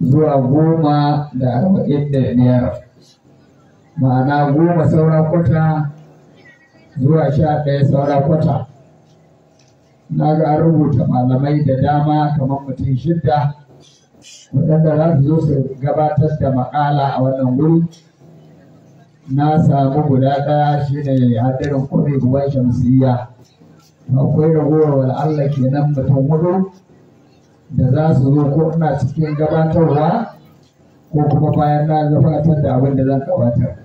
zuwa goma da arba'in da biyar ma'ana goma saura kwata zuwa sha ɗaya saura kwata na ga an rubuta malamai da dama kamar mutum shidda waɗanda za su zo su gabatar da maƙala a wannan wuri na samu guda ɗaya shine haɗarin kuri ruwan shamsiyya akwai ragowar Allah kenan mutum hudu da za su zo ko ina cikin gabatarwa ko kuma bayan na gabatar da abin da zan gabatar.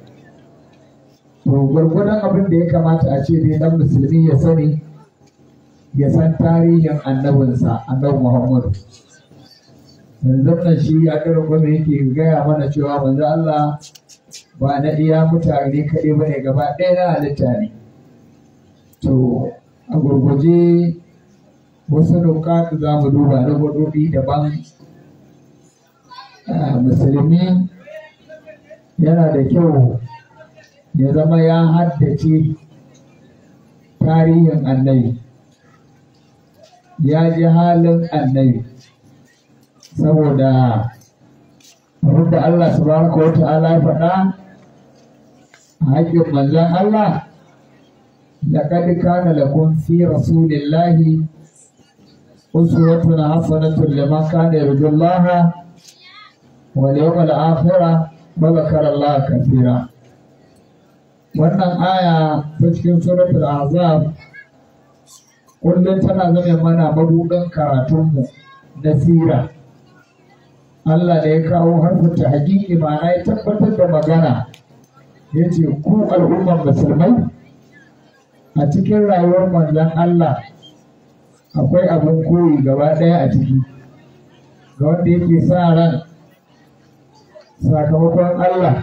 To gwargwadon abin da ya kamata a ce dai dan musulmi ya sani ya san tarihin annabinsa annabi Muhammadu. Yanzu nan shi ya kira gwamna yake gaya mana cewa manzo Allah ba na iya mutane kaɗai ba ne gaba ɗaya na halitta ne. To a gurguje wasu nukatu za mu duba na gwadodi daban ah, musulmi yana da kyau ya zama ya haddace tarihin annabi ya ji halin annabi saboda abinda Allah subhanahu wa ta'ala ya faɗa a haƙƙin manzon Allah laqad kana lakum fi rasulillahi أسوة حسنة لمن كان يرجو الله واليوم الآخرة وذكر الله كثيرا wannan aya ta cikin suratul aza. kullum tana zama mana mabuɗin karatunmu na sira Allah da ya kawo harfin ta hakiki ya tabbatar da magana ya ce ku al'ummar musulmai a cikin rayuwar manzon Allah akwai abin koyi gaba ɗaya a ciki ga wanda yake sa ran sakamakon Allah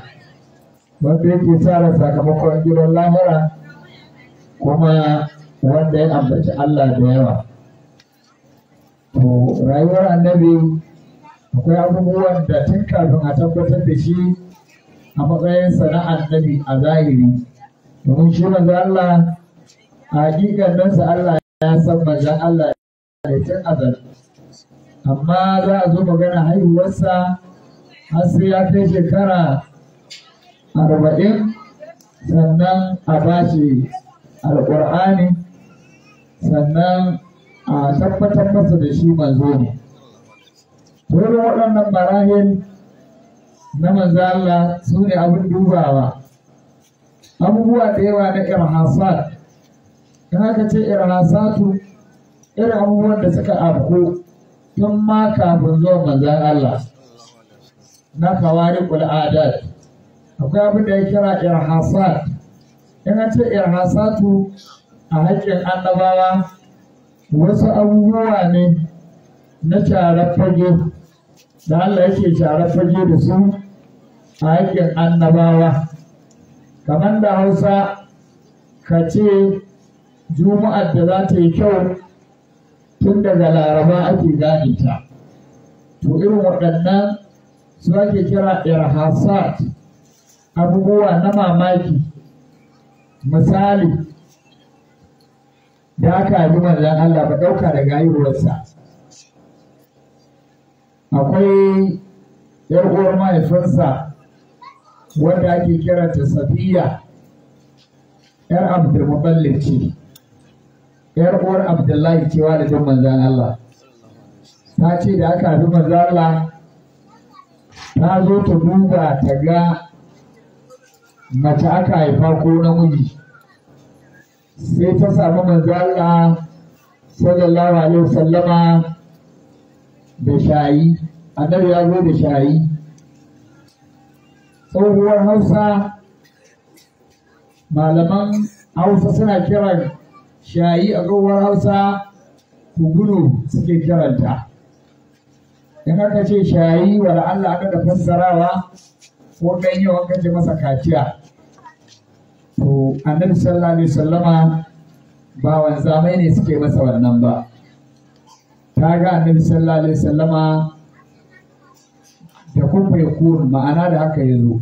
wanda yake sa ran sakamakon gidan lahira kuma wanda ya ambaci Allah da yawa to rayuwar annabi akwai abubuwan da tun kafin a tabbatar da shi a matsayin sana'ar annabi a zahiri domin shi manzo Allah a hakikan Allah ya san manzan Allah da tun azal amma za a zo magana haihuwarsa har sai ya kai shekara arba'in sannan a bashi alƙur'ani sannan a tabbatar masa da shi manzo ne wurin waɗannan marahil na manzo Allah su ne abin dubawa abubuwa da yawa na irhasat don haka ce irasatu irin abubuwan da suka afku tun ma kafin zuwa manzan Allah na kawari al'adar akwai abin da ya kira irhasat in an ce irhasatu a haƙƙin annabawa wasu abubuwa ne na sharar fage da Allah yake sharar fage da su a haƙƙin annabawa kamar da hausa ka ce juma'ar da za ta yi kyau tun daga laraba ake gane ta to irin waɗannan su ake kira irhasat abubuwa na mamaki misali da aka yi manzan Allah ba ɗauka da gayuwarsa. akwai yar uwar mahaifinsa wanda ake kiranta safiya yar abdul ce yar uwar abdullahi cewa wa jin manzan Allah ta ce da aka haifi manzan Allah ta zo ta duba ta ga mace aka haifa ko namiji sai ta samu manzan Allah sallallahu alaihi wasallama da shayi annabi ya zo da shayi tsohuwar hausa malaman hausa suna kiran shayi a kowar hausa kuguno suke kiranta in aka ce shayi wa Allah aka da fassarawa ko ganye wanka ce masa kaciya to annabi sallallahu alaihi sallama ba wanzamai ne suke masa wannan ba ta ga annabi sallallahu alaihi sallama da kuma ma'ana da haka ya zo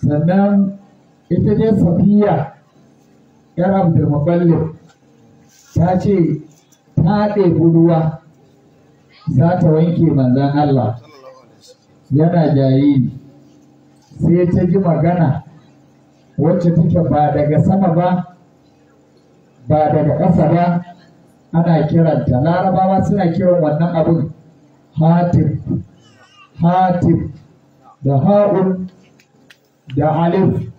sannan ita dai safiya yar abdulmuɓallo ta ce ta ɗebi ruwa za ta wanke manzan Allah yana jariri sai ta ji magana wacce take ba daga sama ba ba daga ƙasa ba ana kiranta larabawa suna kiran wannan abin hatif hatif da ha'un da alif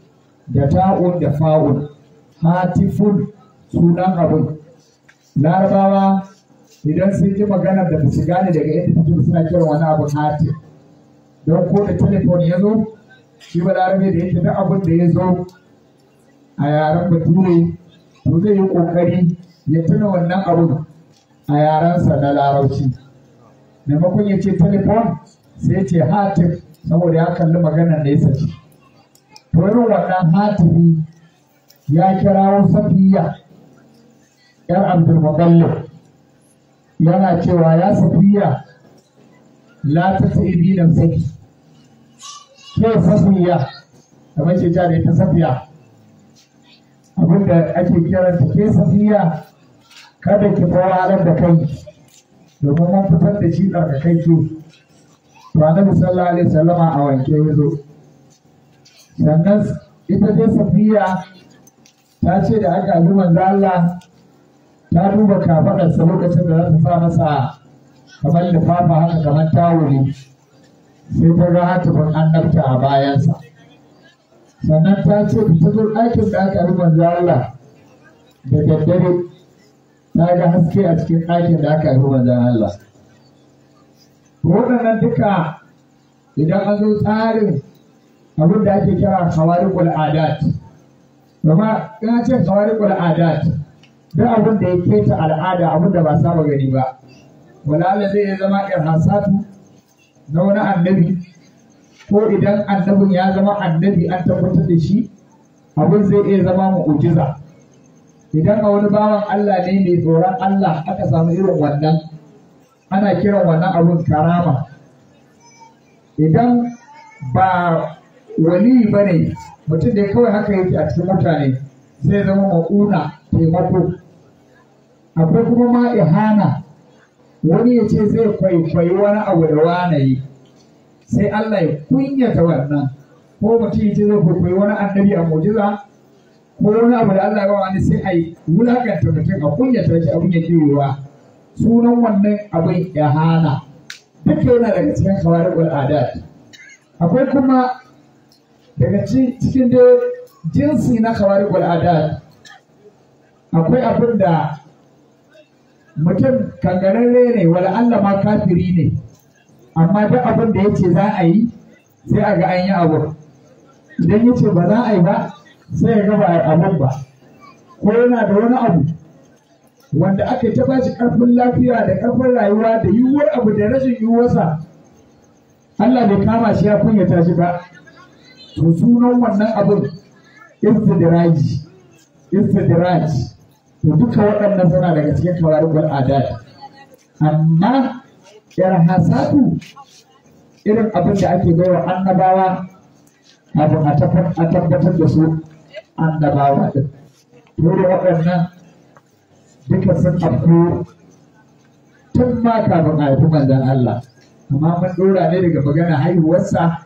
da ta'un da fa'un hatiful sunan abin larabawa idan sun ji magana da su gane daga yadda take suna kiran wani abu hati. don ko da telefon ya zo shi ba larabe da yake da abin da ya zo a yaren bature to zai yi kokari ya tuna wannan abun a yarensa na larabci maimakon ya ce telefon sai ya ce hatif saboda ya kalli maganar da ya to Wani wannan hatifi ya kirawo safiya yar abdulmutallib yana cewa ya safiya la ta sa'ibi da safi ke safiya da mace ta da ita safiya abinda ake kiranta ke safiya kada ki fawalar da kai domin mun fitar da shi ke. to annabi sallallahu alaihi wasallama a wanke yazo sannan ita ce safiya ta ce da haka bi manzo Allah ta duba kafaɗarsa lokacin da za ta sa masa kamar lifafa haka kamar tawuli sai ta ga hatifin annabta a bayansa sannan ta ce da ta zo ɗakin da aka bi manzo Allah da daddare ta ga haske a cikin ɗakin da aka yi manzo Allah Wannan duka idan an zo tsarin abin da ake kira hawarikul adat gama ina ce tawariqul adat duk abin da ya keta al'ada abin da ba saba gani ba wala zai zama irhasatu na wani annabi ko idan annabin ya zama annabi an tabbatar da shi abin zai iya zama mu'ujiza idan a wani bawan Allah ne mai tsoron Allah aka samu irin wannan ana kiran wannan abun karama idan ba wali ba ne mutum da kawai haka yake a cikin mutane zai zama maƙuna taimako akwai kuma ma ihana wani ya ce zai kwaikwayi wani abu da wanayi sai Allah ya kunyata wannan ko mutum ya ce zai kwaikwayi wani annabi a mujiza ko wani abu da Allah ya bawa wani sai a yi wulakanta mutum a kunyata shi abin ya kiwewa sunan wannan abin ihana duka yana daga cikin kawarin al'adat akwai kuma daga cikin dai jinsi na kawari al'ada akwai abin da mutum kangararre ne wala Allah ma kafiri ne amma duk abin da ce za a yi sai a ga an yi abu idan yace ba za a yi ba sai ya gaba ba ba ko yana da wani abu wanda aka ta bashi karfin lafiya da karfin rayuwa da yiwuwar abu da rashin yiwuwarsa Allah bai kama shi ya kunyata shi ba to sunan wannan abin istidiraji istidiraji to duka waɗannan suna daga cikin kawarikul adat amma yar hasatu irin abin da ake baiwa annabawa abu a tabbatar da su annabawa din to da waɗannan duka sun afko tun ma kafin a haifi Allah amma mun ɗora ne daga magana haihuwarsa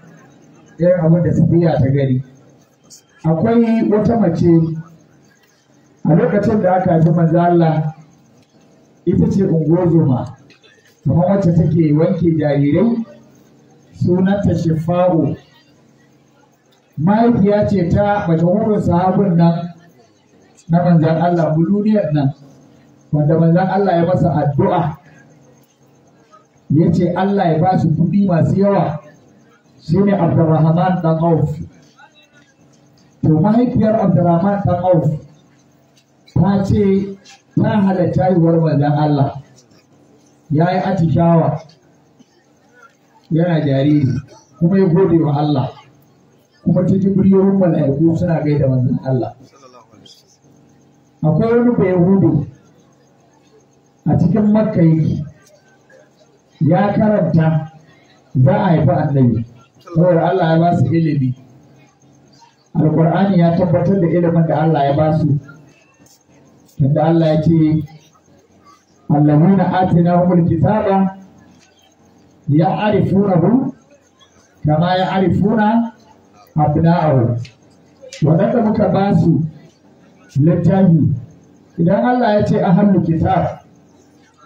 irin abin da safiya ta gari. akwai wata mace a lokacin da aka haifi manzo Allah ita ce ungozoma kuma wacce take wanke jarirai sunanta shifa'u mahaifiya ce ta mashahurin sahabin nan na manzo Allah buluniyar nan wanda manzan Allah ya masa addu'a ya ce Allah ya ba su kuɗi masu yawa shine Abdurrahman dan Auf to mahaifiyar Abdurrahman dan Auf ta ce ta halatta yiwuwar manzan Allah yayi yi atishawa yana jariri kuma ya gode wa Allah kuma ta ji mala'iku suna gaida manzon Allah akwai wani Yahudu a cikin Makka yake ya karanta za a haifi annabi saboda Allah ya ba su ilimi Alƙur'ani ya tabbatar da ilimin da Allah ya ba su tunda Allah ya ce allamuna atina humul kitaba ya arifunahu kama ya arifuna abna'ahu wadanda muka ba su littafi idan Allah ya ce a ahlul kitab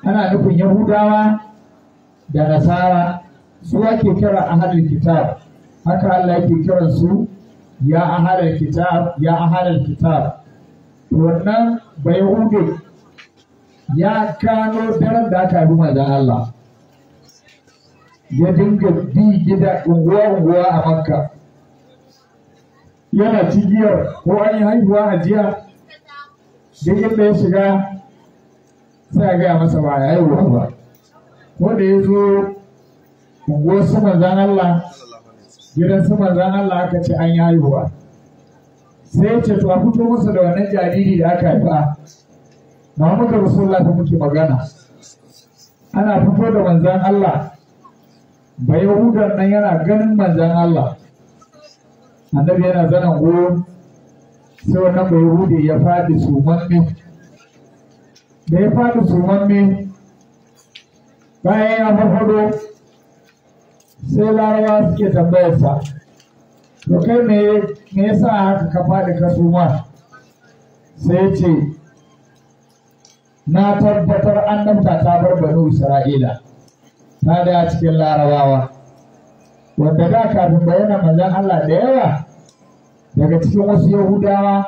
ana nufin yahudawa da nasara su ake kira ahalul kitab haka Allah yake kiran su ya ahalul kitab ya kitab to wannan bai hudu ya kano daren da aka yi manzon Allah ya dinga bi gida unguwa-unguwa a makka yana cigiyar ko an yi haihuwa a jiya duk inda ya shiga sai a gaya masa ba ya haihuwa ba ko da ya zo unguwar su manzan Allah gidan su manzan Allah aka ce an yi sai ya ce to a fito musu da wannan jariri da aka haifa Muhammadu Rasulullah da muke magana ana fito da manzan Allah ba hudar nan yana ganin manzan Allah annabi yana zanen goyo sai wannan ba Yahudi ya faɗi sumanne da ya faɗi sumanne bayan ya farfado sai larawa suke tambayarsa to kai me me yasa haka ka faɗi ka suma sai ce na tabbatar an annabta ta bar banu isra'ila ta da cikin larabawa wanda da kafin bayyana manzon Allah da yawa daga cikin wasu yahudawa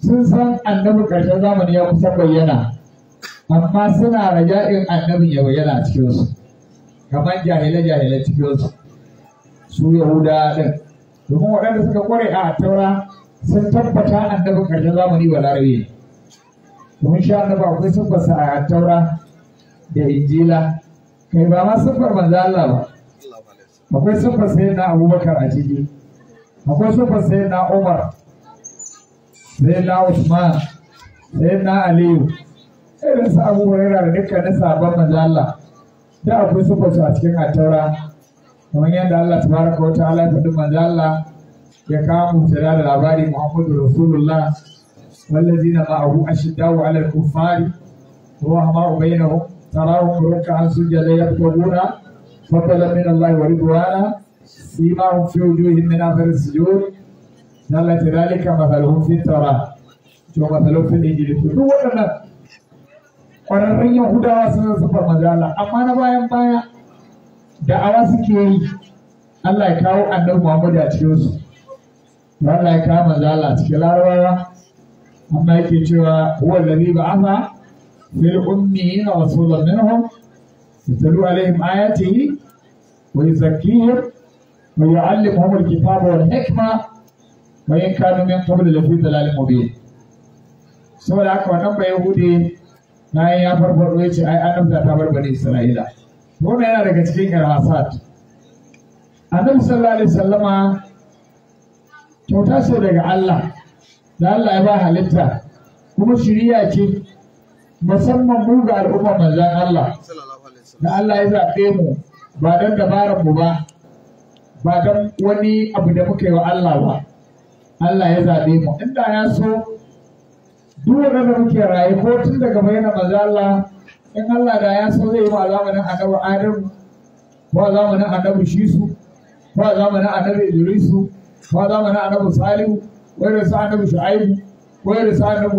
sun san annabi ƙarshen zamani ya kusa bayyana amma suna raja'in annabin ya bayyana a cikinsu kamar jahile-jahile cikin su yahuda ɗin domin waɗanda suka ƙware a taura sun tabbata an annabi ƙarshen zamani ba larabe domin sha kai akwai siffarsa a taura da injila kai ba ma siffar manzo Allah ba akwai siffar yin na abubakar a ciki akwai siffar yin na umar sai na usman sai na aliyu irin su abubuwan yana da dukkanin sabon manzo Allah da akwai sufotu a cikin attaura kamar yadda Allah ta baraka wa ta'ala ya faɗi manzo Allah ya kawo mutala da labari Muhammadu Rasulullah wallazina ma'ahu ashiddaw 'ala al-kuffari ruhama bainahum tarahum ruk'an sujada yaquluna fadlan min Allah wa ridwana simahum fi wujuhihim min athari sujud dalla dhalika mathaluhum fi tara to mathaluhum fi al-injil to wannan ƙwararrun yahudawa sun zuba mazala amma na bayan baya Da awa suke yi allah ya kawo annabi muhammadu a cikin su allah ya kawo mazala cikin larabawa amma yake cewa huwa allazi ba'atha fil ummiyina rasulan minhum yatlu alaihim ayatihi wa yuzakkihim wa yu'allimuhum alkitaba wal hikma wa in kanu min qabl lafi dhalalin mubin saboda haka wannan bai hude bayan ya farfado ya ce ai annabta ta bar bani isra'ila wannan yana daga cikin irhasat annabi sallallahu alaihi wasallama kyauta ce daga Allah da Allah ya ba halitta kuma shiriya ce musamman mu ga al'umma manzon Allah da Allah ya zaɓe mu ba don dabarar mu ba ba don wani abu da muka yi wa Allah ba Allah ya zaɓe mu inda ya so duk wanda muke raye ko tun daga bayyana maza Allah in Allah da ya so zai yi wa zamanin annabi Adam ko zamanin annabi Shisu ko zamanin annabi Idrisu ko zamanin annabi Salihu ko da sa annabi Shu'aibu ko da sa annabi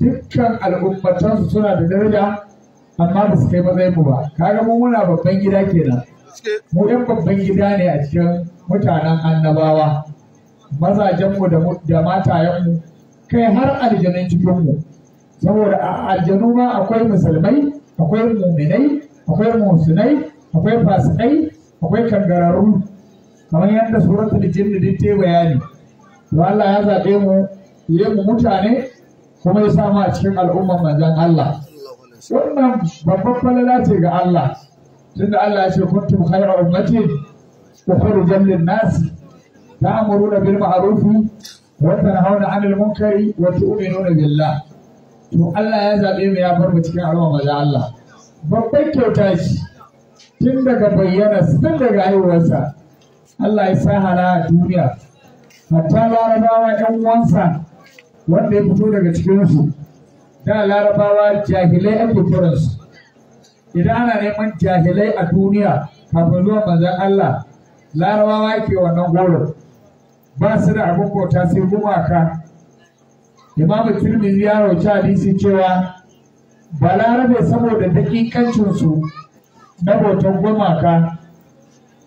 Nuhu dukkan su suna da daraja amma ba su kai matsayin mu ba kaga mu muna babban gida kenan mu ɗan babban gida ne a cikin mutanen annabawa mazajenmu da matayenmu kai har aljanun mu saboda a aljanu ma akwai musulmai akwai muminai akwai musulai akwai fasikai akwai kangararru kamar yadda suratul jinn din ta bayani to Allah ya zabe mu yayin mu mutane kuma ya samu a cikin al'ummar manzon Allah wannan babban falala ce ga Allah tunda Allah ya ce kuntum khayra ummati ukhrijat lin-nas ta'muruna bil ma'ruf وتنهون عن المنكر وتؤمنون بالله to Allah ya zaɓe mu ya bar mu cikin alwa maza Allah babban kyauta ce tun daga bayyana tun daga haihuwarsa Allah ya sa duniya hatta larabawa ɗan uwansa wanda ya fito daga cikin su da larabawa jahilai ake kiransu idan ana neman jahilai a duniya kafin zuwa manzon Allah larabawa ke wannan goro ba su da abin bauta sai gumaka imamu tirmidhi ya rauci hadisi cewa balarabe saboda su na bautan gumaka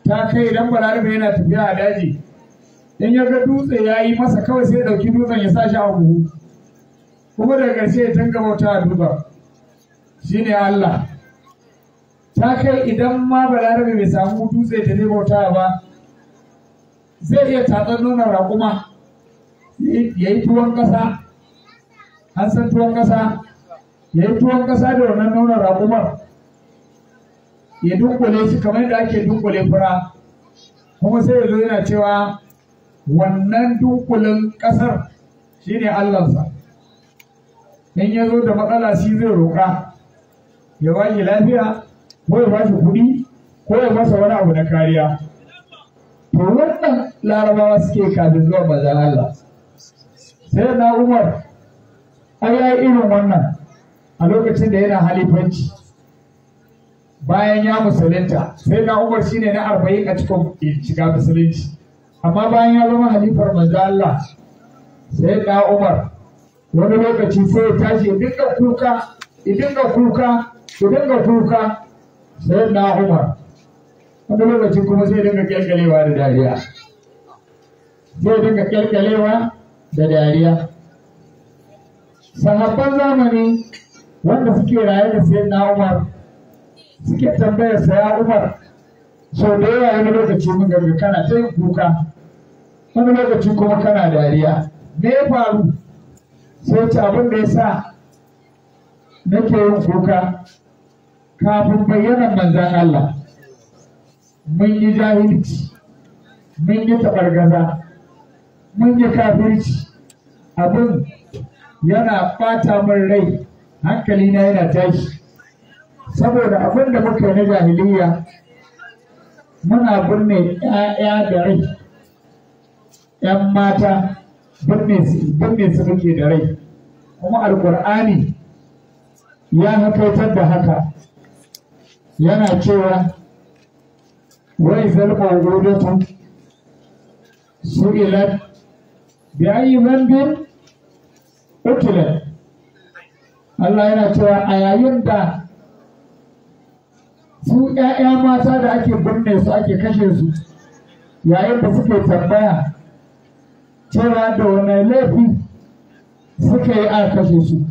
ta kai idan balarabe yana tafiya a daji in ya ga dutse ya yi masa kawai sai ya ɗauki dutsen ya sa shi a buhu kuma daga ƙarshe ya tanga bauta a Shi shine Allah ta kai idan ma balarabe bai samu dutse ta zai bauta ba zai iya tatsar nuna raƙuma ya yi tuwon ƙasa an san tuwon ƙasa ya yi tuwon ƙasa da wannan nuna raƙumar ya dunkule shi kamar yadda ake dunkule fura kuma sai ya yana cewa wannan dunkulen ƙasar shine Allahnsa in ya zo da matsala shi zai roƙa ya ba shi lafiya ko ya ba shi kuɗi ko ya masa wani abu na kariya to wannan larabawa suke kafin zuwa bazan Allah sai na umar an yi irin wannan a lokacin da yana halifanci bayan ya musulunta sai na umar shi ne na arba'in a cikin shiga musulunci amma bayan ya zama halifar manzan Allah sai na umar wani lokaci sai ya tashi ya dinga kuka ya dinga kuka ya dinga kuka sai na umar wani lokaci kuma sai dinga kyalkyalewa da dariya zai dinga kyalkyalewa da dariya sahabban zamani wanda suke raye da sai na umar suke tambaya sa ya umar sau da yawa wani lokaci mun gari kana ta yin kuka wani lokaci kuma kana dariya me ya faru sai ce abin da ya sa nake yin kuka kafin bayyanar manzan Allah mun yi jahilci mun yi tabargaza mun yi kafirci abin yana ɓata min rai hankali na yana tashi saboda abin da muka na jahiliya muna binne 'ya'ya da rai 'yan mata birne su muke da rai kuma Alƙur'ani ya hakaitar da haka yana cewa wai zalma wudatu su ilar بأي ذنب قتل Allah yana cewa a yayin da su ‘ya'ya mata da ake binne su ake kashe su yayin da suke tambaya cewa da wani laifi suka yi a kashe su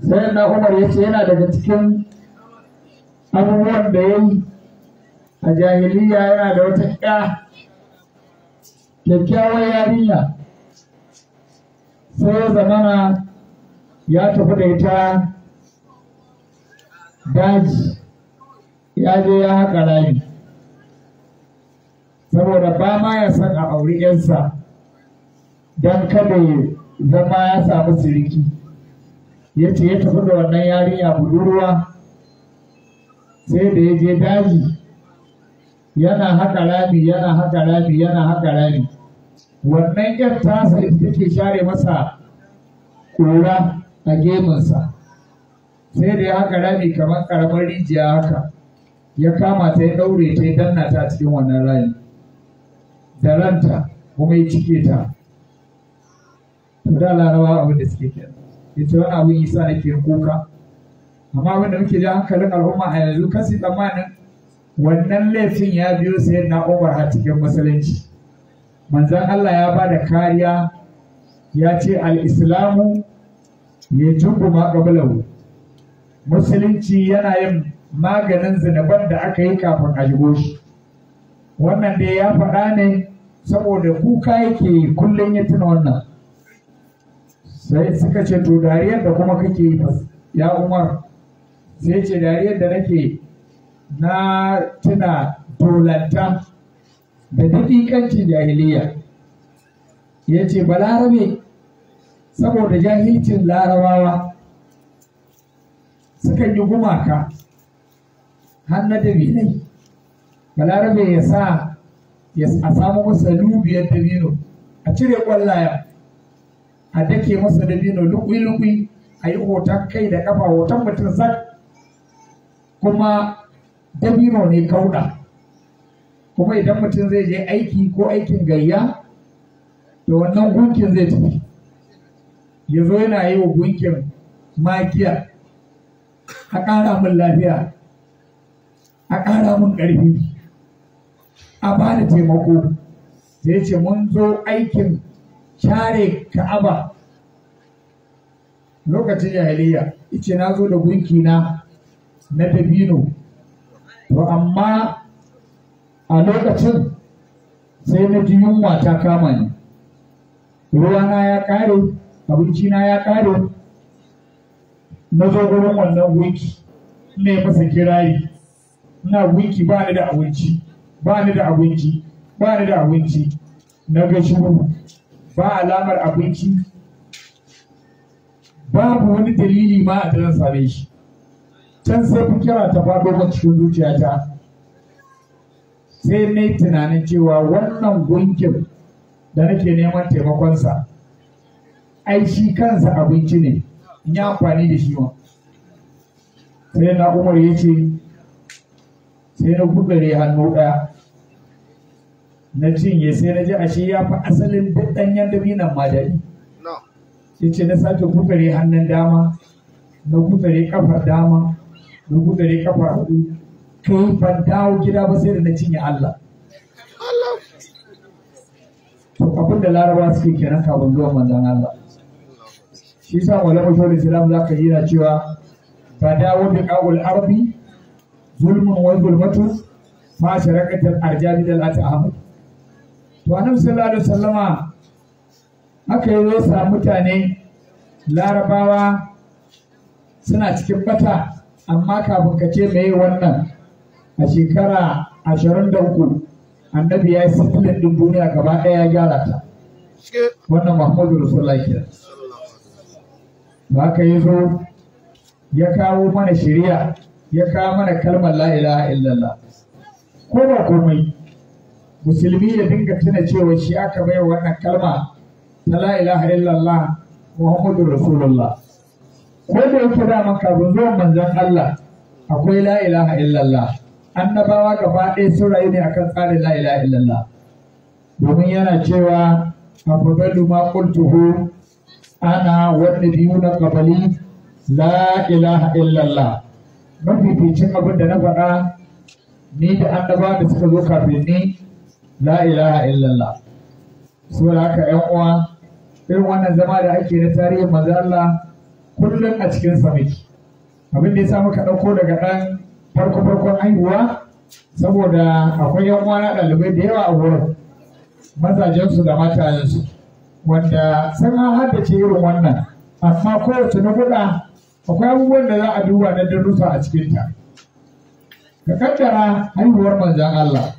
sai na umar ya ce yana daga cikin abubuwan da ya yi a jahiliya yana da wata ‘ya’ kyakkyawar yarinya sai zamana ya tafi da ita daji ya je ya haƙa rami saboda ba ma ya san a auri yansa don kada ya zama ya samu siriki ya ya tafi da wannan yarinya budurwa sai da ya je daji yana haka rami yana haka rami yana haka rami wannan 'yan tasa ita take share masa kura a gemunsa sai da ya haka rami kamar karamar rijiya haka ya kama ta ya ɗaure ta ya danna ta cikin wannan rami da ranta kuma ya cike ta to da larawa abin da suke kenan ce wani abin isa nake kuka amma abin da muke da hankalin al'umma a yanzu kasi tsammanin wannan laifin ya biyo sai na umar a cikin musulunci manzon Allah ya ba da kariya ya ce al-islamu ya jubu ma qablahu musulunci yana yin maganin zinaban da aka yi kafin a shigo shi wannan dai ya faɗa ne saboda kuka yake kullum ya tuna wannan sai suka ce to dariyar da kuma kake yi ya umar sai ce dariyar da nake na tuna dolanta da daɗiƙancin jahiliya ya ce balarabe saboda jahilcin larabawa sukan yi gumaka har na dabinai balarabe ya sa a samu masa lubiyar dabino a cire ƙwallaya, a dake masa dabino lukwi-lukwi a yi hoton kai da ƙafa hoton mutum zai kuma dabino ne kauɗa kuma idan mutum zai je aiki ko aikin gayya da wannan gunkin zai tafi ya zo yana yi wa gunkin makiya. a ƙara min lafiya a ƙara min ƙarfi a ba da taimako sai ce mun zo aikin share ka'aba lokacin jahiliya ice na zo da gunki na na dabino to amma a lokacin sai na ji yunwa ta kama ni ruwana ya ƙare abincina ya ƙare na zo gurin wannan ina ne masa kirayi ina wiki ba ni da abinci ba ni da abinci ba ni da abinci na ga mu, ba alamar abinci babu wani dalili ma a zan same shi can sai kira ta faɗo ga cikin zuciyata sai na yi tunanin cewa wannan gunkin da nake neman taimakonsa ai shi kansa abinci ne in yi amfani da shi ma sai na umar ya ce sai na gudare hannu ɗaya na cinye sai na ji ashe ya fi asalin duk ɗanyen binan ma daɗi sai ce na sake gudare hannun dama na gudare kafar dama dubu ɗari kafa hudu to ban dawo gida ba sai da na cinye Allah to abin da laraba suke kenan kafin zuwan manzon Allah shi sa malama shawar islam za ka yi na cewa ba dawo da ƙagul arbi zulmun wani zulmatu ma shirakatar arjabi da lati ahmad to nan sallallahu alaihi sallama, haka yi zai mutane larabawa suna cikin bata amma kafin ka ce mai wannan a shekara ashirin da uku annabi ya yi sifilin din duniya gaba ɗaya ya gyara ta wannan mahmudu rasulullah ke ba ka yi zo ya kawo mana shari'a ya kawo mana kalmar la ilaha illallah ko ba komai musulmi ya dinga tuna cewa shi aka bai wannan kalma ta la ilaha illallah muhammadu rasulullah ko da yake da maka kafin zuwan manzon Allah akwai la ilaha illallah annabawa gaba ɗaya sun rayu ne akan tsarin la ilaha illallah domin yana cewa afdalu ma qultuhu ana wanda biyu na qabali la ilaha illallah mafificin abin da na faɗa ni da annabawa da suka zo kafin ni la ilaha illallah saboda haka yan uwa irin wannan zama da ake na tarihin manzon Allah kullum a cikin sa abinda abin da yasa muka ɗauko daga ɗan farko farkon haihuwa saboda akwai yan uwana ɗalibai da yawa a wurin mazajensu da matayensu wanda sun haddace irin wannan amma kowace na huɗa akwai abubuwan da za a duba na darussa a cikinta ka kaddara haihuwar manzan Allah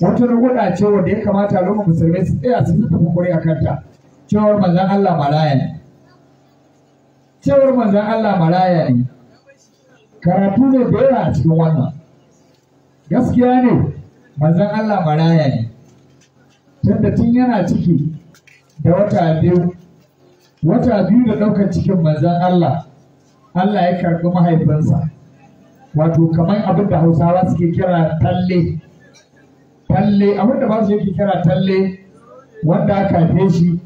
wata na ruguda ce wanda ya kamata lokacin musulmai su tsaya su tafi kuri a kanta cewar manzan Allah malaya ne cewar manzan Allah maraya ne karatu ne da yawa a cikin wannan gaskiya ne manzan Allah maraya ne tunda tun yana ciki da wata biyu wata biyu da ɗaukar cikin manzan Allah Allah ya karɓi mahaifinsa wato kamar abin da hausawa suke kira talle talle abin da ba su yake kira talle wanda aka haife shi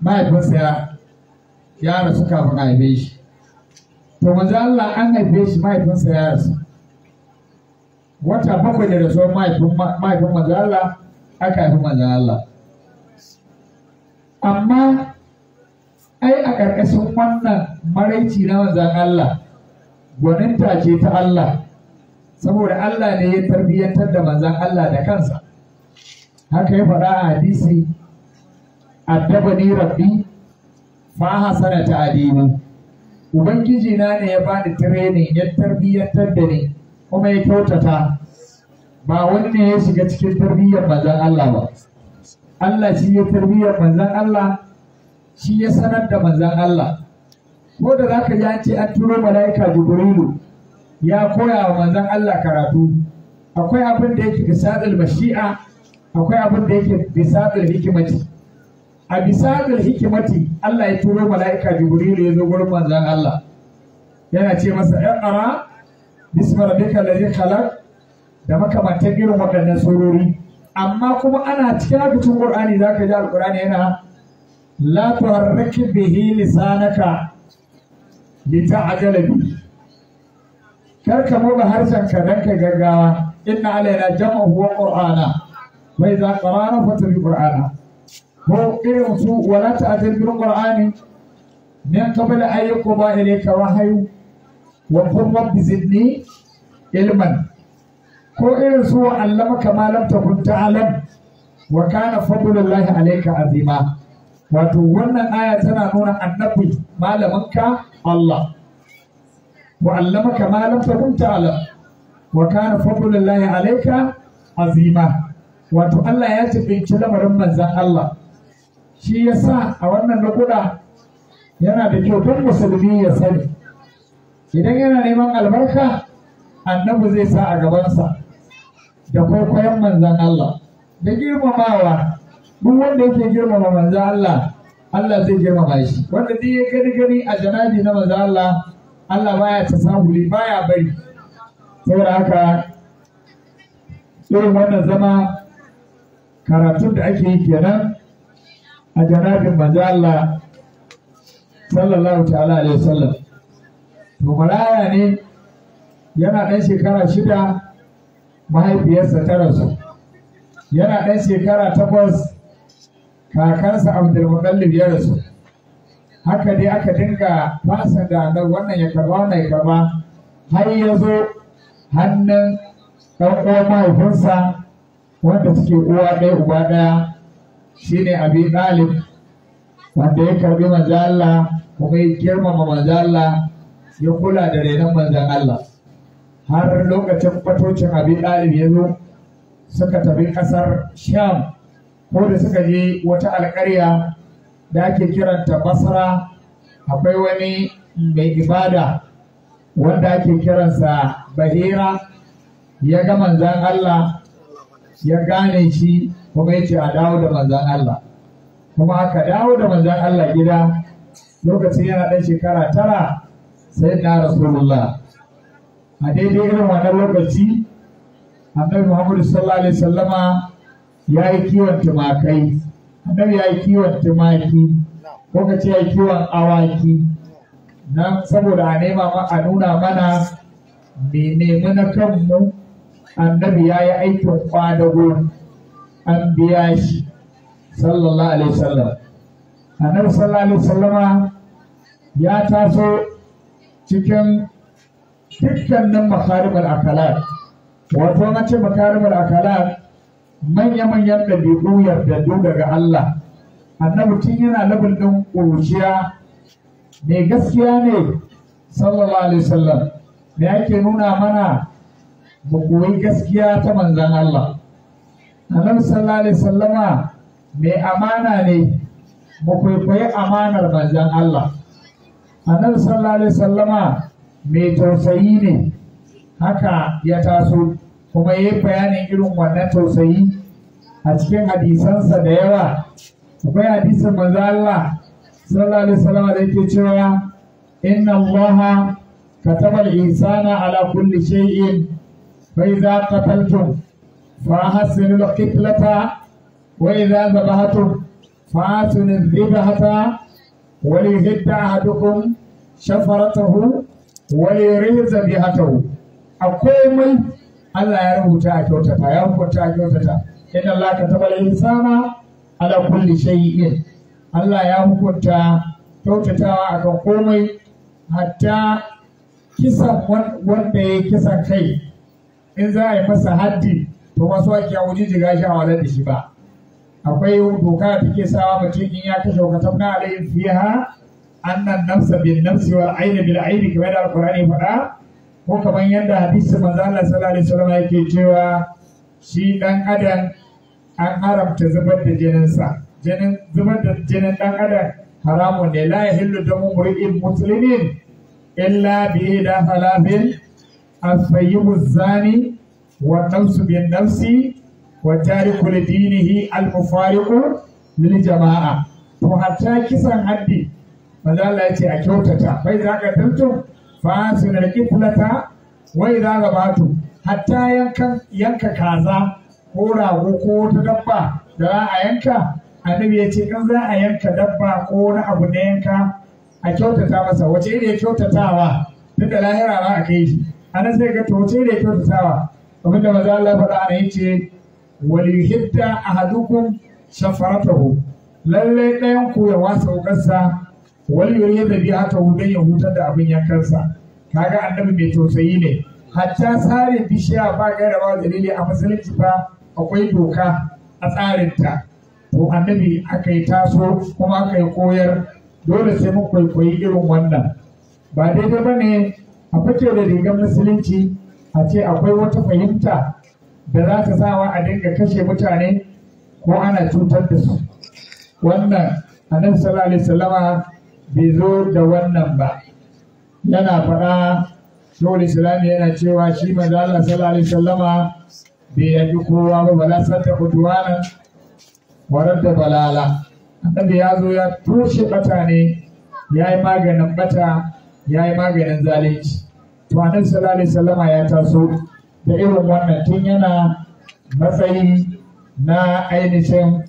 mahaifinsa ya ya rasu kafin a haife shi to manzo Allah an haife shi mahaifinsa ya rasu wata bakwai da rasuwar mahaifin mahaifin Allah aka haifi manzo Allah amma ai a ƙarƙashin wannan maraici na manzan Allah gwaninta ce ta Allah saboda Allah ne ya tarbiyyantar da manzan Allah da kansa haka ya faɗa a hadisi addabani rabbi fa hasana ta adini ubangiji na ne ya bani training ya tarbiyyantar da ni kuma ya kyautata ba wani ne ya shiga cikin tarbiyyar manzon Allah ba Allah shi ya tarbiyyar manzon Allah shi ya sanar da manzon Allah ko da zaka ji an ce an turo malaika Jibrilu ya koya wa manzon Allah karatu akwai abin da yake bisabil mashi'a akwai abin da yake bisabil hikimati a bisa da hikimati Allah ya turo mala'ika Jibril ya zo gurin manzon Allah yana ce masa ara bismi rabbikal ladzi khalaq da makamantan irin waɗannan surori amma kuma ana cikin rubutun Qur'ani zaka ji yana. qurani yana la tuharrik bihi lisanaka lita'jala bi kar ka moga harshen ka dan kai gaggawa inna alayna jama'u wa qur'ana wa idza qara'na fatabi qur'ana ko irin su wala ta'til bil qur'ani min qabl an yuqba ilayka wahyu wa qur rabbi zidni ilman ko irin su allamaka ma lam takun ta'lam wa kana fadlullahi alayka azima wato wannan aya tana nuna annabi malamanka Allah wa allamaka ma lam takun ta'lam wa kana fadlullahi alayka azima wato Allah ya tafi lamarin manzan Allah shi ya sa a wannan lokuta yana da kyau tun musulmi ya sani idan yana neman albarka annabi zai sa a gabansa da kwaikwayon manzan Allah da girmamawa duk wanda yake girmama manzan Allah Allah zai girmama shi wanda zai gani gani a janabi na manzan Allah Allah baya ta sahuli baya bari saboda haka irin wannan zama karatun da ake yi kenan a janabin manzo Allah sallallahu ta'ala alaihi wasallam to maraya ne yana ɗan shekara shida mahaifiyarsa ta rasu yana ɗan shekara takwas kakarsa abdulmutallib ya rasu haka dai aka dinga fasa da wannan ya karba wannan ya karba har ya zo hannun ɗan uwan mahaifinsa wanda suke uwa ɗaya uba ɗaya shine abi ɗalib wanda ya karbi manzo Allah kuma ya girmama manzo Allah ya kula da renon manzan Allah har lokacin fatocin abi ɗalib ya zo suka tafi ƙasar sham ko da suka je wata alƙarya da ake kiranta basra akwai wani mai ibada wanda ake kiransa bahira ya ga manzan Allah ya gane shi kuma ya ce a dawo da manzan Allah kuma aka dawo da manzan Allah gida lokacin yana ɗan shekara tara sai na rasulullah a daidai irin wannan lokaci annabi muhammadu sallallahu alaihi sallama ya yi kiwon tumakai annabi ya yi kiwon tumaki ko ka ce ya yi kiwon awaki nan saboda a nema a nuna mana menemu mana na kanmu annabi ya yi aikin kwadago an biya shi sallallahu alaihi wasallam annabi sallallahu alaihi wasallama ya taso cikin dukkanin makarimar akalat wato na ce makarimar akalat manya-manyan ɗabi'u yardaddu daga Allah annabi tun yana labin ɗin ƙuruciya mai gaskiya ne sallallahu alaihi wasallam me yake nuna mana mu koyi gaskiya ta manzan Allah annabi sallallahu alaihi sallama mai amana ne mu kwaikwayi amanar manzon Allah annabi sallallahu alaihi sallama mai tausayi ne haka ya taso kuma ya yi bayanin irin wannan tausayi a cikin hadisansa da yawa akwai hadisin manzo Allah sallallahu alaihi wasallam da yake cewa inna Allah kataba al-insana ala kulli shay'in fa idza qataltum فأحسن القتلة وإذا ذبحتم فأحسن الذبحة وليهد أحدكم شفرته وليرهز بهته أقومي Allah ya rubuta a kyautata ya hukunta a kyautata inna Allah ka kulli Allah ya hukunta kyautatawa kan komai hatta kisan wanda ya kisan kai in za a yi masa haddi to wasu ake wuji jiga shi a walar da shi ba akwai doka da take sawa mutum in ya kashe wakatam na alayhi fiha annan nafsa bin nafsi wal aini bil aini kamar da alqur'ani faɗa ko kamar yadda hadisi manzo Allah sallallahu alaihi wasallam yake cewa shi dan adam an haramta zubar da jininsa jinin zubar da jinin dan adam haramun ne la yahillu damu mur'in muslimin illa bi da halafin zani والنفس بالنفس وتارك لدينه المفارق للجماعة وحتى كسا حدي ماذا لا يتي أكوتتا فإذا قدمتم فأسن الكفلة وإذا غباتم حتى ينكا ينكا كازا كورا وكور تدبا دعا أينكا annabi يتي ce in za a yanka dabba ko wani abu na yanka a kyautata masa wace ne kyautatawa duk da lahira ba kamar da maza Allah faɗa ana ce wal a hadukun shafaratahu Lallai ɗayan ku ya wasa wani wal yadda biya ta dan ya hutar da abin yankansa kaga annabi mai tausayi ne hatta tsarin bishiya ba gaira ba dalili a musulunci ba akwai doka a tsarinta to annabi aka yi taso kuma aka yi koyar dole sai mun kwaikwayi irin wannan ba daidai ba ne a fice da rigar musulunci a ce akwai wata fahimta da za ta sawa a dinga kashe mutane ko ana cutar da su wannan annabi sallallahu alaihi wasallama bai zo da wannan ba yana faɗa shawar islami yana cewa shi manzo Allah sallallahu alaihi wasallama bai yabi kowa ba bala santa kuduwana warar da balala annabi ya zo ya toshe bata ne ya yi maganin bata ya yi maganin zalunci to annabi sallallahu alaihi wasallama ya taso da irin wannan tun yana matsayi na ainihin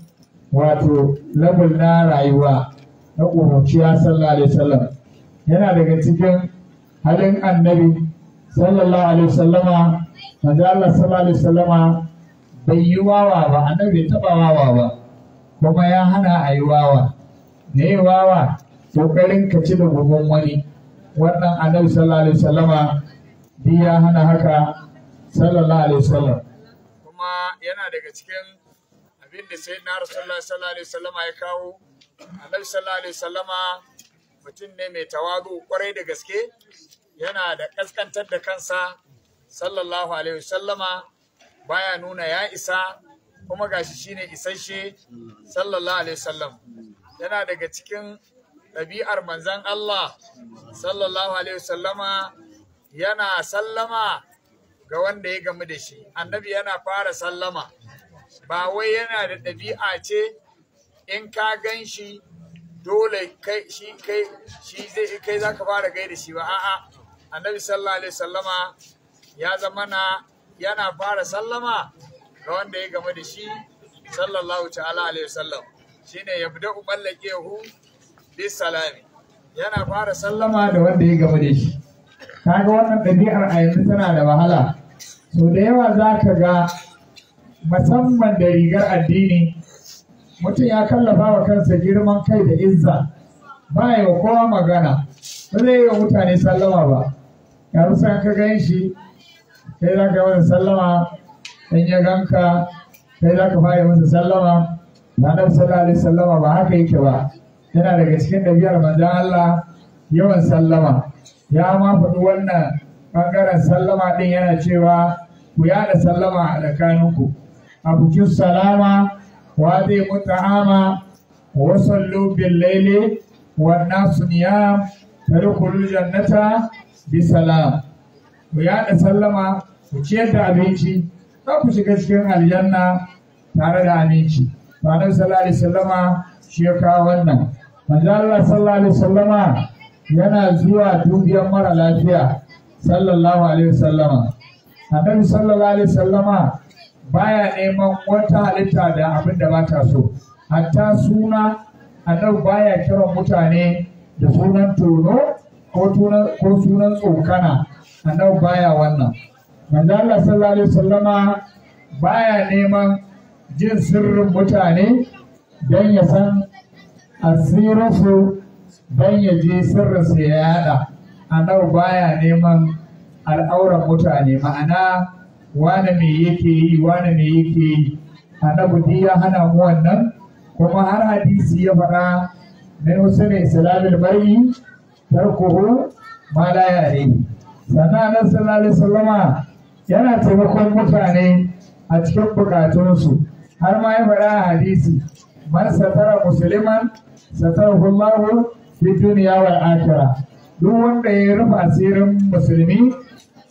wato labul na rayuwa na ƙuruciya sallallahu alaihi wasallam yana daga cikin halin annabi sallallahu alaihi wasallama manzo Allah sallallahu alaihi wasallama bai yi wawa ba annabi bai taba wawa ba kuma ya hana a yi wawa ne wawa kokarin ka ci da gugun wani wannan annabi sallallahu alaihi wasallama duk ya hana haka sallallahu alaihi wasallam kuma yana daga cikin abin da sayyidina rasulullah sallallahu alaihi wasallama ya kawo annabi sallallahu alaihi wasallama mutum ne mai tawazu kwarai da gaske yana da kaskantar da kansa sallallahu alaihi wasallama baya nuna ya isa kuma gashi shine isasshe sallallahu alaihi wasallam yana daga cikin ɗabi'ar manzan Allah sallallahu alaihi wasallama yana sallama ga wanda ya gamu da shi annabi yana fara sallama ba wai yana da ɗabi'a ce in ka gan shi dole kai shi kai shi zai kai ka fara da shi ba a'a annabi sallallahu alaihi wasallama ya zama na yana fara sallama ga wanda ya gamu da shi sallallahu alaihi wasallam shine Yabda hu bisalami yana fara sallama da wanda ya gama da shi kaga wannan ɗabi'ar a yanzu tana da wahala so da yawa za ka ga musamman da rigar addini mutum ya kallafa wa kansa girman kai da izza ba ya kowa magana ba zai yi wa mutane sallama ba ya rusa ka gan shi kai za ka yi sallama in ya ganka kai za ka fara masa sallama na sallama ba haka yake ba yana daga cikin ɗabi'ar manzan Allah yawan sallama ya ma faɗi wannan ɓangaren sallama ɗin yana cewa ku yaɗa sallama a tsakaninku abokin salama wa zai muta'ama wa sallu bil laili wa nasu niyam tadkhulu jannata bi salam ku yaɗa sallama ku ciyar da abinci za ku shiga cikin aljanna tare da aminci. Ba nan sallallahu alaihi wasallama shi ya kawo wannan. manzala sallallahu alaihi Sallama yana zuwa dubiyar mara lafiya sallallahu alaihi sallama. annabi sallallahu alaihi wasallama baya neman wata halitta da abin da ba ta so hatta suna annabi baya kiran mutane da sunan tono ko sunan tsokana annabi baya wannan manzala sallallahu alaihi wasallama baya neman jin sirrin mutane don ya san asirinsu don ya je sirrinsu ya yada annabi baya neman al'auran mutane ma'ana wane me yake yi wane me yake yi annabi duk ya hana mu wannan kuma har hadisi ya faɗa min husnul islamil mar'i tarkuhu ma la yare. sannan annabi sallallahu alaihi yana taimakon mutane a cikin bukatunsu har ma ya faɗa hadisi man satara musliman satarahu Allah fi duniya wal akhirah duk wanda ya rufe asirin musulmi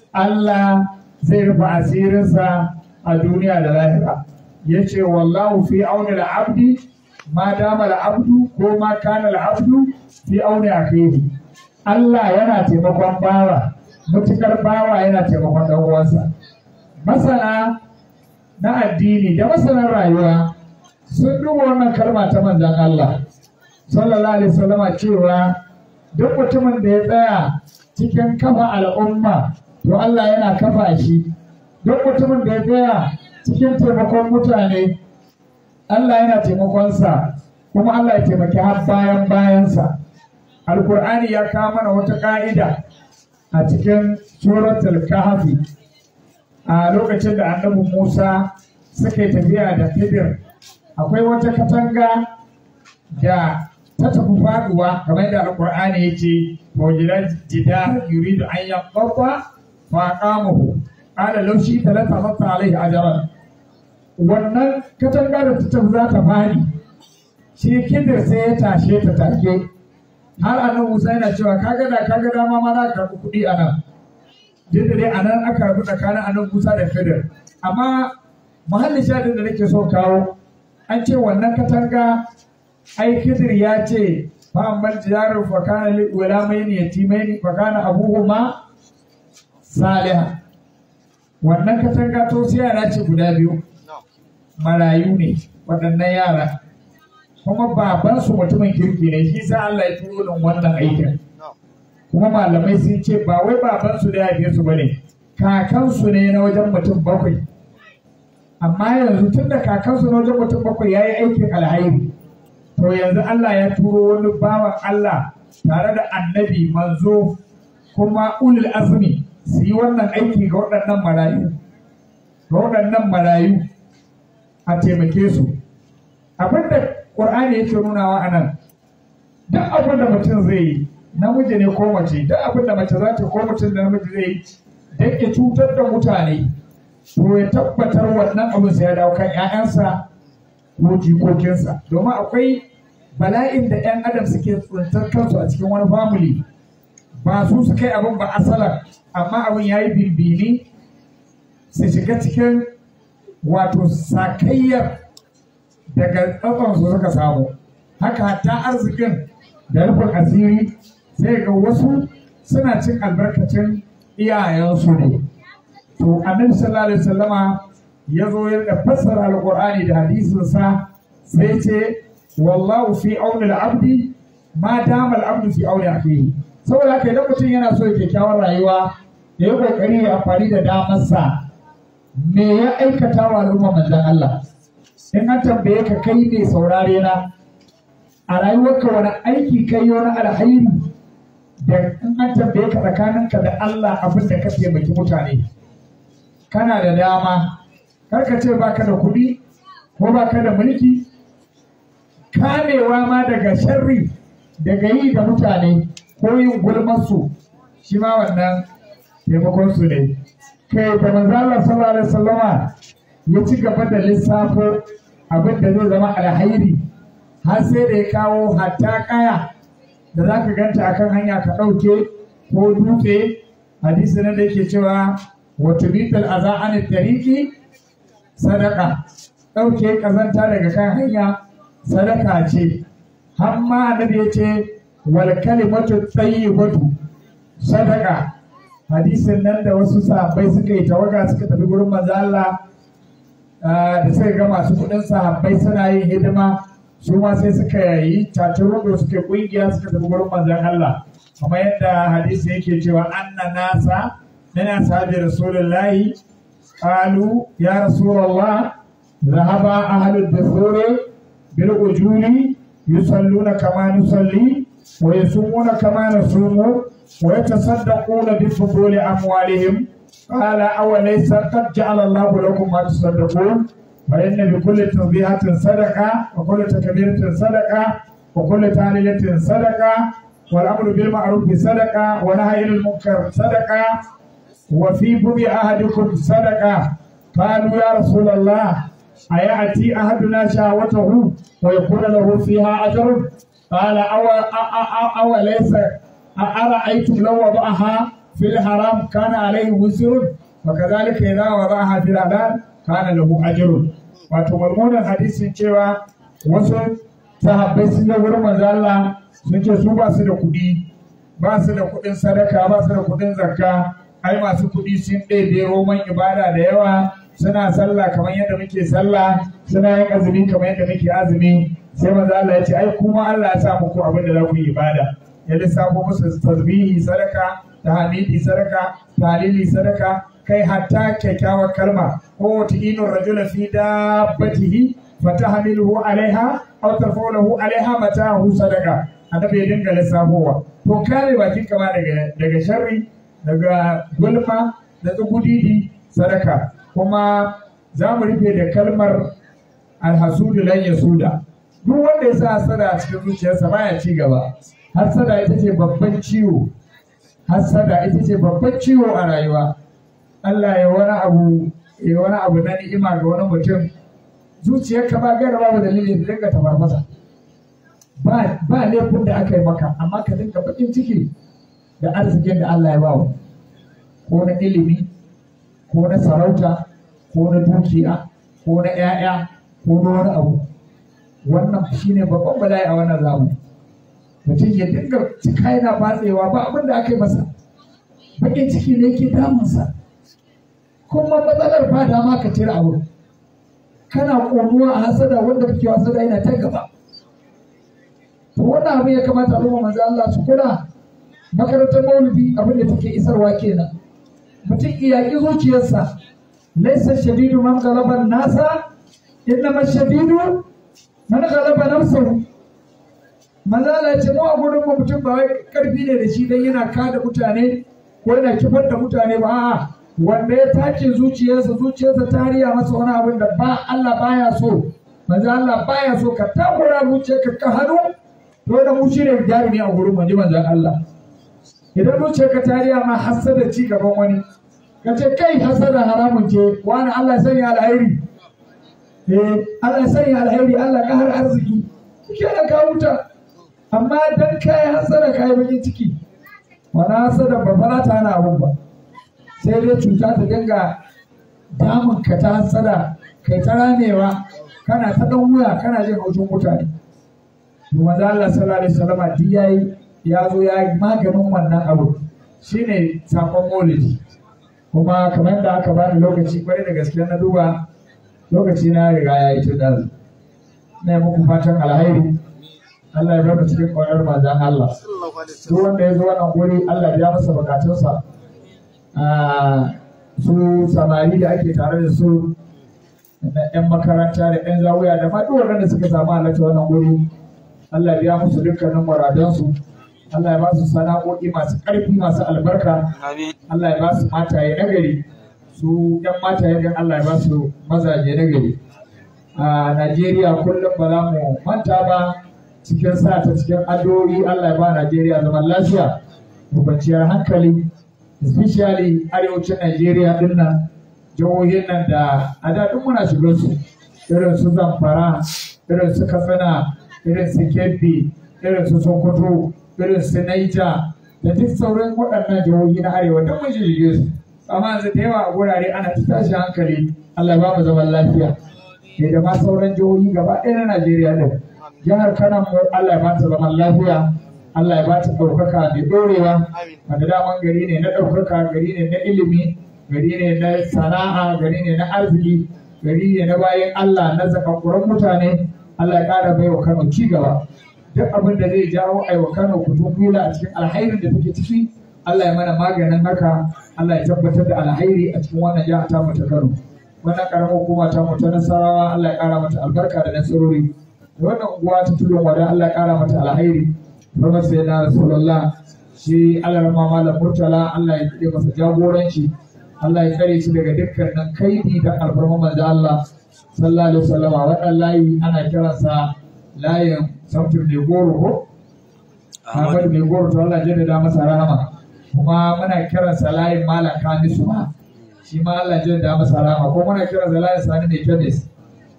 Allah zai rufe asirinsa a duniya da lahira ya ce wallahu fi auni abdi ma dama abdu ko ma kana abdu fi auni akhihi Allah yana taimakon bawa mutukar bawa yana taimakon dan uwansa masana na addini da masanan rayuwa sun duba wannan kalma ta manzon Allah sallallahu alaihi wasallam cewa duk mutumin da ya tsaya cikin kafa al'umma to Allah yana kafa shi duk mutumin da ya tsaya cikin taimakon mutane Allah yana taimakonsa kuma Allah ya taimaki har bayan bayansa alkur'ani ya kawo mana wata ka'ida a cikin suratul kahfi a lokacin da annabi Musa suka yi tafiya da Khidir akwai wata katanga da ta tafi faduwa kamar da alqur'ani yace fawjira jida yuridu an yaqta fa aqamahu ala laushi talata hatta alaihi ajran wannan katanga da ta tafi za ta fadi shi kidir sai ya tashe ta take har annabi Musa yana cewa kaga da dama ma za ka kuɗi a nan duk dai a nan aka rabu tsakanin anan Musa da kidir amma muhallin shadin da nake so kawo an ce wannan katanga ai Khidir ya ce fa ammal jaru fa kana li gulamaini yatimaini fa kana abuhuma saliha wannan katanga to sai yara ce guda biyu marayu ne waɗannan yara kuma baban su mutumin kirki ne shi sai Allah ya turo nan wannan aikin kuma malamai sun ce ba wai baban su da yake su bane kakan su ne na wajen mutum bakwai amma yanzu tun da kakan su na wajen mutum bakwai yayi aikin alhairi to yanzu Allah ya turo wani bawan Allah tare da annabi manzo kuma ulul azmi su yi wannan aiki ga waɗannan marayu ga waɗannan marayu a taimake su abin da ƙur'ani yake nunawa a nan duk abin da mutum zai yi namiji ne ko mace duk abin da mace za ta ko mutum da namiji zai yi don ya cutar da mutane to ya tabbatar wannan abin sai ya dawo kan 'ya'yansa ko jikokinsa domin akwai bala'in da 'yan adam suke tsuntar kansu a cikin wani famili. ba su su kai abin ba asala amma abin ya yi birbini su shiga cikin wato sakayyar daga su suka samu haka ta arzikin da rufin asiri sai ga wasu suna cin albarkacin iyayensu ne to annabi sallallahu alaihi wasallama ya zo ya fassara Alƙur'ani da hadisinsa sai ce wallahu fi auni abdi ma dama abdu fi auni akhihi saboda haka idan mutum yana so ya kyakkyawar rayuwa da ya kokari ya amfani da damarsa me ya aikata wa al'umma manzon Allah in an tambaye ka kai ne saurare na a rayuwarka wani aiki kai wani alhairi da in an tambaye ka tsakaninka da Allah abin da ka taimaki mutane kana da dama kar ka ce baka da kuɗi ko baka da mulki kamewa ma daga sharri daga yi da mutane ko yin su, shi ma wannan taimakon su ne kai da manzo Allah sallallahu alaihi ya ci gaba da lissafo abin da zai zama alhairi har sai da ya kawo hatta kaya da za ka ganta akan hanya ka ɗauke ko dutse hadisi na da yake cewa wa tubital a za'anin tariki sadaka ɗauke ƙazanta daga kan hanya sadaka ce har ma annabi ya ce wal kalimatu tayyibatu sadaka hadisin nan da wasu sahabbai suka yi tawaga suka tafi gurin manzo Allah ah, da suka ga masu kuɗin sahabbai suna yin hidima su ma sai suka yi tatin rubu suke kungiya suka tafi gurin manzo Allah kamar yadda hadisi yake cewa anna sa nana sahabi rasulullahi قالوا يا رسول الله ذهب أهل الدثور بالأجول يصلون كما نصلي ويصومون كما نصوم ويتصدقون بفضول أموالهم قال أوليس قد جعل الله لكم ما تصدقون فإن بكل تنبيهة صدقة وكل تكبيرة صدقة وكل تعليلة صدقة والأمر بالمعروف صدقة ونهي عن المنكر صدقة وفي بني أحدكم صدقة قالوا يا رسول الله أيأتي أحدنا شهوته ويكون له فيها أجر قال أو أو ليس أرأيتم لو وضعها في الحرام كان عليه وزر وكذلك إذا وضعها في الحلال كان له أجر وتمرمون الحديث cewa wasu sahabbai sun ga wurin manzo Allah sun ce su ba su da kuɗi ba su da kuɗin sadaka ba su da kuɗin zakka ai masu kuɗi sun ɗebe roman ibada da yawa suna sallah kamar yadda muke sallah suna yin azumi kamar yadda muke azumi sai maza Allah ya ce ai kuma Allah ya sa muku abin da za ku yi ibada ya lissafo musu tasbihi sadaka tahmidi sadaka talili sadaka kai hatta kyakkyawar kalma ko inu rajula fi dabbatihi fatahmiluhu alaiha aw tarfa'uhu alaiha hu sadaka annabi ya dinga lissafowa to kare bakin kama daga daga sharri daga gulma da tsugudidi sadaka kuma za mu rufe da kalmar alhasudu lan suda duk wanda ya sa hasada a cikin zuciyarsa baya ci gaba hasada ita ce babban ciwo hasada ita ce babban ciwo a rayuwa Allah ya wani abu ya wani abu na ni'ima ga wani mutum zuciyar ka ba gaira babu dalili da dinga tabar masa ba laifin da aka yi maka amma ka dinga bakin ciki da arzikin da Allah ya ba ko na ilimi ko na sarauta ko na dukiya ko na 'ya'ya ko na wani abu wannan shi ne babban bala'i a wannan zamu mutum ya dinga cika yana batsewa ba abin da aka yi masa bakin ciki ne ke damunsa kuma matsalar fata ma ka cire abu kana ƙonuwa a hasada wanda kake hasada yana ta gaba to wannan abu ya kamata al'umma manzo Allah su kula makarantar maulidi abin da take isarwa kenan mutum ki zuciyarsa laisa shadidu man galaban nasa man shadidu man galaba nafsahu manzala ya ce mu a gurin mutum ba wai karfi ne da shi dan yana kada mutane ko yana kifar da mutane ba a'a wanda ya tace zuciyarsa zuciyarsa ta riya masa wani abin da ba Allah baya so manzo Allah baya so ka takura zuciyarka ka hannu to da mu shirye jarumi a gurin manzo Allah idan zuciya ka ta ma hasada ci gaban wani ka ce kai hasada haramun ce wani Allah sanya alheri eh Allah sanya alheri Allah ka har arziki kike da ka huta amma dan kai hasada kai bakin ciki wani hasada ba fara ta hana abun ba sai dai cuta ta dinga damun ka ta hasada kai ta ranewa kana ta dan wuya kana jin haushin mutane to manzo Allah sallallahu alaihi wasallam duk yayi ya zo ya yi maganin wannan abu ne sakon maulidi kuma kamar da aka bani lokaci kwarai da gaskiya na duba lokaci na riga ya yi tudar na muku fatan alhairi Allah ya bar mu cikin ƙaunar manzan Allah duk wanda ya zo wannan guri Allah ya masa bukatunsa ah, su samari da ake tare da su na 'yan makaranta da 'yan zawuya da faɗi da suka samu halarta wannan guri Allah ya musu dukkanin muradansu Allah ya ba su sana'o'i masu ƙarfi masu albarka Allah ya ba su mataye nagari su yan mataye ga Allah ya ba su mazaje nagari a Najeriya kullum ba za mu manta ba cikin sa ta cikin adori Allah ya ba Najeriya zaman lafiya da kwanciyar hankali especially arewacin Najeriya din nan jihohin nan da a da muna shigar su irin su Zamfara irin su Katsina irin su Kebbi irin su Sokoto irin su Naija da duk sauran waɗannan jihohi na arewa don mun shirye su amma yanzu da yawa a wurare ana ta tashi hankali Allah ba mu zaman lafiya ne da ma sauran jihohi gaba ɗaya na Najeriya ɗin jihar Kano mu Allah ya ba ta zaman lafiya Allah ya ba ta ɗaukaka mai ɗorewa wanda daman gari ne na ɗaukaka gari ne na ilimi gari ne na sana'a gari ne na arziki gari ne na bayan Allah na zakakuran mutane Allah ya ƙara baiwa Kano ci gaba duk abin da zai jawo aiwa Kano kutun kula a cikin alhairin da take ciki Allah ya mana maganin haka Allah ya tabbatar da alhairi a cikin wannan jiha ta ta Kano wannan karamar hukuma ta mutu, ta Nasarawa Allah ya kara mata albarka da nasarori wannan unguwa ta tudun wada Allah ya kara mata alhairi sai na Rasulullah shi Allah mama malam Murtala Allah ya kike masa jagoranci Allah ya tsare shi daga dukkanin kaidi da alfarma manzo Allah sallallahu alaihi wasallam wannan layi ana kiransa layin samtin mai goro ko Ahmadu mai goro to Allah da masa rahama kuma muna kiransa layin malam Kamisu ma shi ma Allah da masa rahama ko muna kiransa layin Sani mai kemis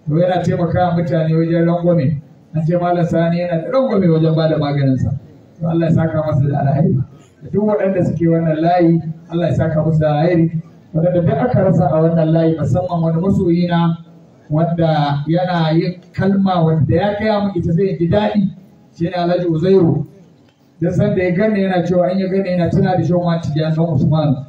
to yana taimaka mutane wajen rangwame an ce malam Sani yana da rangwame wajen ba da maganinsa to Allah ya saka masa da alheri duk waɗanda suke wannan layi Allah ya saka musu da alheri Wanda da aka rasa a wannan layi musamman wani masoyi na wanda yana yin kalma wanda ya gaya mu ita zai ji daɗi shi ne alhaji uzairu da san ya gane yana cewa in ya gane yana tuna da shan wanci da yanzu usman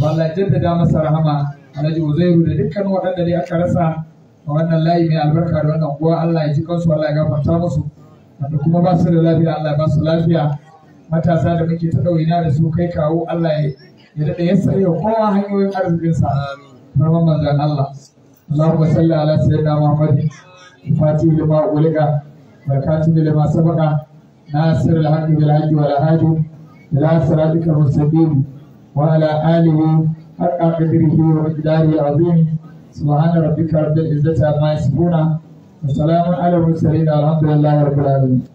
wallahi da masa rahama alhaji uzairu da dukkan waɗanda ne aka rasa a wannan layi mai albarka da wannan uwa allah ya ji kansu allah ya gafarta musu wanda kuma ba su da lafiya allah ba su lafiya matasa da muke ta ɗauina da su kai kawo allah ya daɗa ya tsare kowa hanyoyin arzikinsa. Amin. Farman Allah. اللهم صل على سيدنا محمد الفاتح لما أغلق والخاتم لما سبق ناصر الحق بالحج والهاج إلى صراطك المستقيم وعلى آله حق قدره ومقداره العظيم سبحان ربك رب العزة عما يصفون وسلام على المرسلين الحمد لله رب العالمين